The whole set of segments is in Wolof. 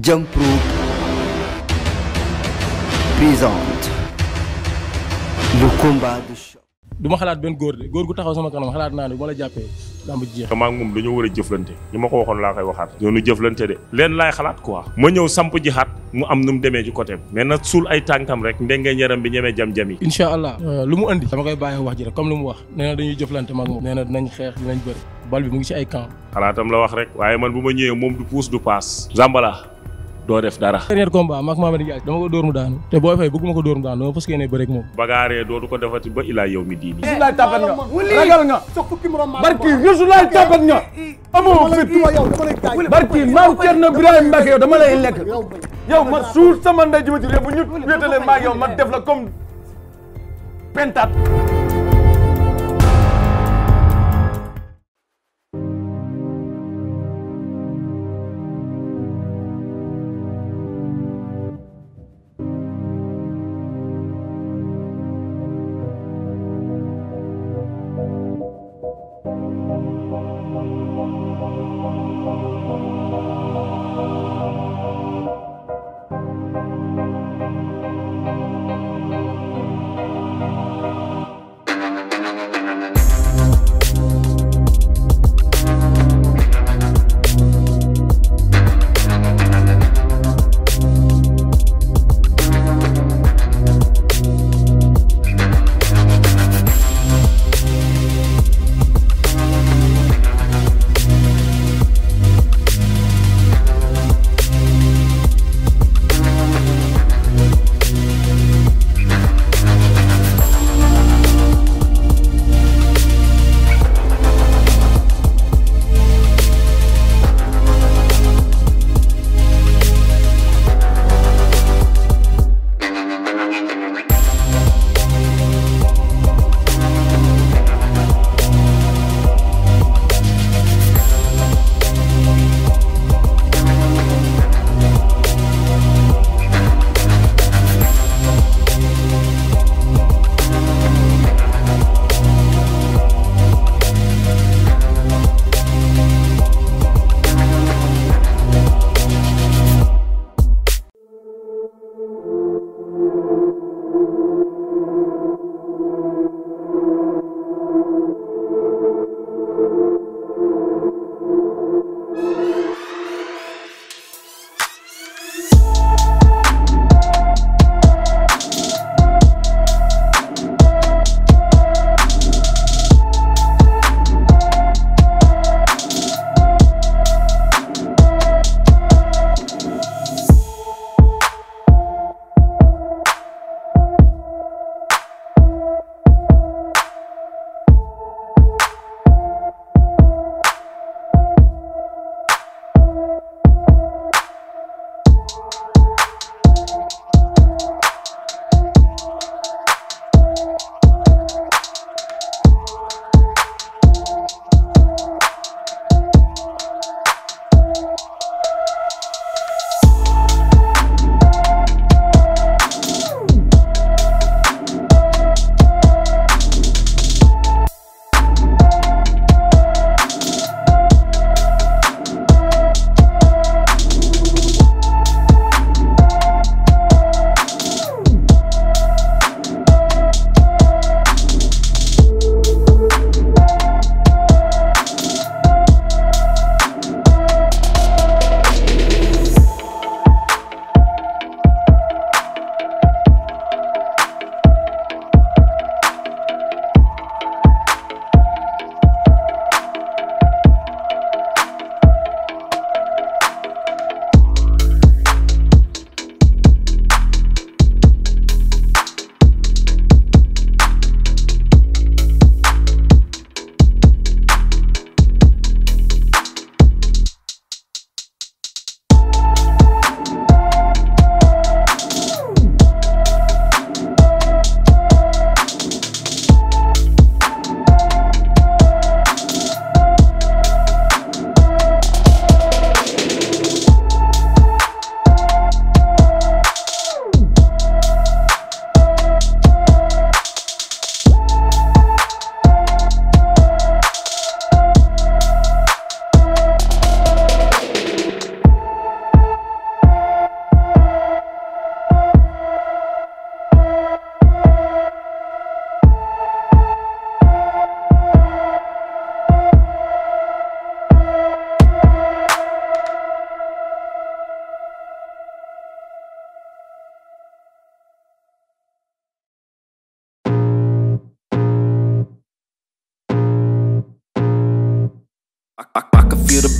Jump présente le combat de choc. du ma xalaat benn góor de góor gu taxaw sama kanam xalaat naa ne bu ma la jàppee lamb ji jeex. maa ngi moom dañoo war a jëflante li ma ko waxoon laa koy waxaat. yoonu nu jëflante de. leen laay xalaat quoi. ma ñëw samp ji xaat mu am nu mu demee ci côté mais nag suul ay tànkam rek ndenge yaram bi ñemee jam-jam yi. incha allah euh, lu mu indi dama koy bàyyi wax ji rek comme lu mu wax nee na dañuy jëflante ma ak moom. nee na xeex dinañ bëri bal bi mu ngi ci ay camp. xalaatam la wax rek waaye man bu ma ñëwee moom du puus du paas. Zambala doo def dara. dernier combat maak Mamady Diagne dama ko dóor mu daanu te booy fay bëgguma ko dóor mu daanu dama fas yéene bëre ak moom. bagaaree dootu ko defati ba ilaa yow mi diini. bisimilah tapet nga ragal nga barki Rasulullah tapet nga amoo fit barki maam Thierno Birahim Mbacke dama lay lekk yow ma suur sama ndey ji ma ci réew bu ñu wéetalee maa ma def la comme pentat.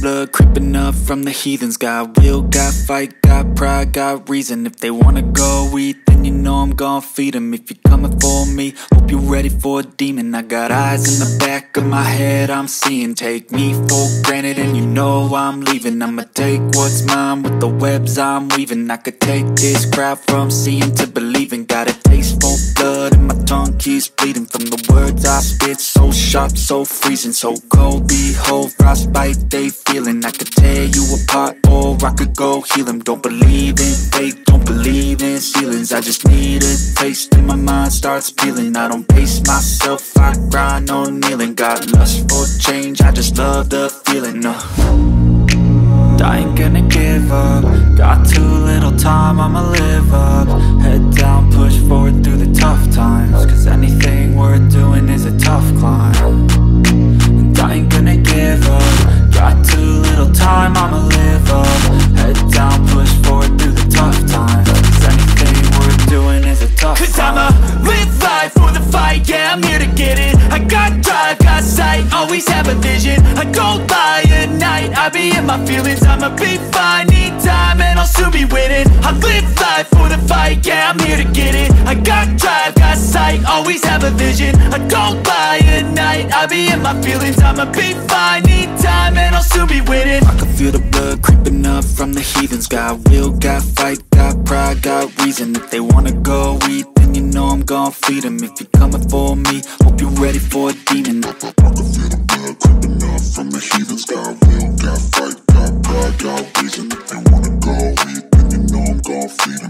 blood creeping up from the heathens Got will, got fight, got pride, got reason If they wanna go eat, then you know I'm gon' feed them If you're coming for me, hope you're ready for a demon I got eyes in the back of my head, I'm seeing Take me for granted and you know I'm leaving I'ma take what's mine with the webs I'm weaving I could take this crowd from seeing to believing Got a taste for blood in my keeps bleeding from the words I spit So sharp, so freezing, so cold Behold, frostbite, they feeling I could tear you apart or I could go heal them Don't believe in fate, don't believe in ceilings I just need a taste and my mind starts peeling I don't pace myself, I grind on kneeling Got lust for change, I just love the feeling uh. I ain't gonna give up Got too little time, I'ma live get it I got drive, got sight, always have a vision I go by at night, I be in my feelings I'ma be fine, need time and I'll soon be winning I live life for the fight, yeah here to get it I got drive, got sight, always have a vision I go by at night, I be in my feelings I'ma be fine, need time and I'll soon be winning I can feel the blood creeping up from the heathens Got will, got fight, got pride, got reason If they wanna go and you know I'm If you're coming for me, hope you're ready for a I can feel the blood creeping up from the heathens Got will, got fight, got pride, got reason If you wanna go eat, then you know I'm gon' feed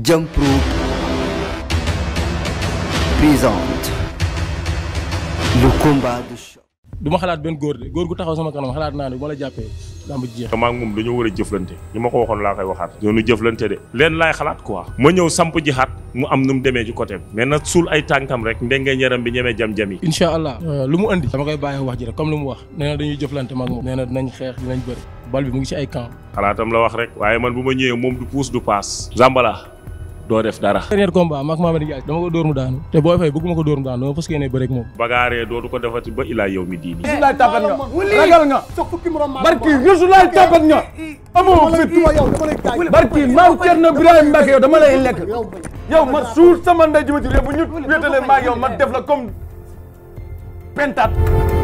Jump Proof présente le combat de choc. du ma xalaat benn góor de góor gu taxaw sama kanam xalaat naa ne bu ma la jàppee lamb ji moom dañoo war a jëflante ñu ma ko waxoon laa koy waxaat. ñooñu jëflante de. leen laay xalaat quoi. ma ñëw samp ji mu am nu mu demee ci côté bi. mais nag suul ay tànkam rek ndenge ñaram bi ñemee jam jam yi. incha allah euh, lu mu indi dama koy bàyyi wax ji rek comme lu mu wax nee na dañuy jëflante ma ak moom. nee na dinañ xeex dinañ bëri. bi mu ngi ci ay camp. xalaatam la wax rek waaye man bu ma ñëwee moom du puus du paas. Zambala. doo def dara. dernier combat maak Mamady Diagne dama ko dóor mu daanu te booy fay bëgguma ko dóor mu daanu dama fas yéene bëre moom. bagaaree dootu ko defati ba ilaa yow mi diini. bisimilah tapet nga ragal nga barki Rasulaay tapet na amoo fit barki maam dama lekk yow ma suur sama ndey ji ma ci réew bu ñu wéetalee maa yow ma def la comme pentat.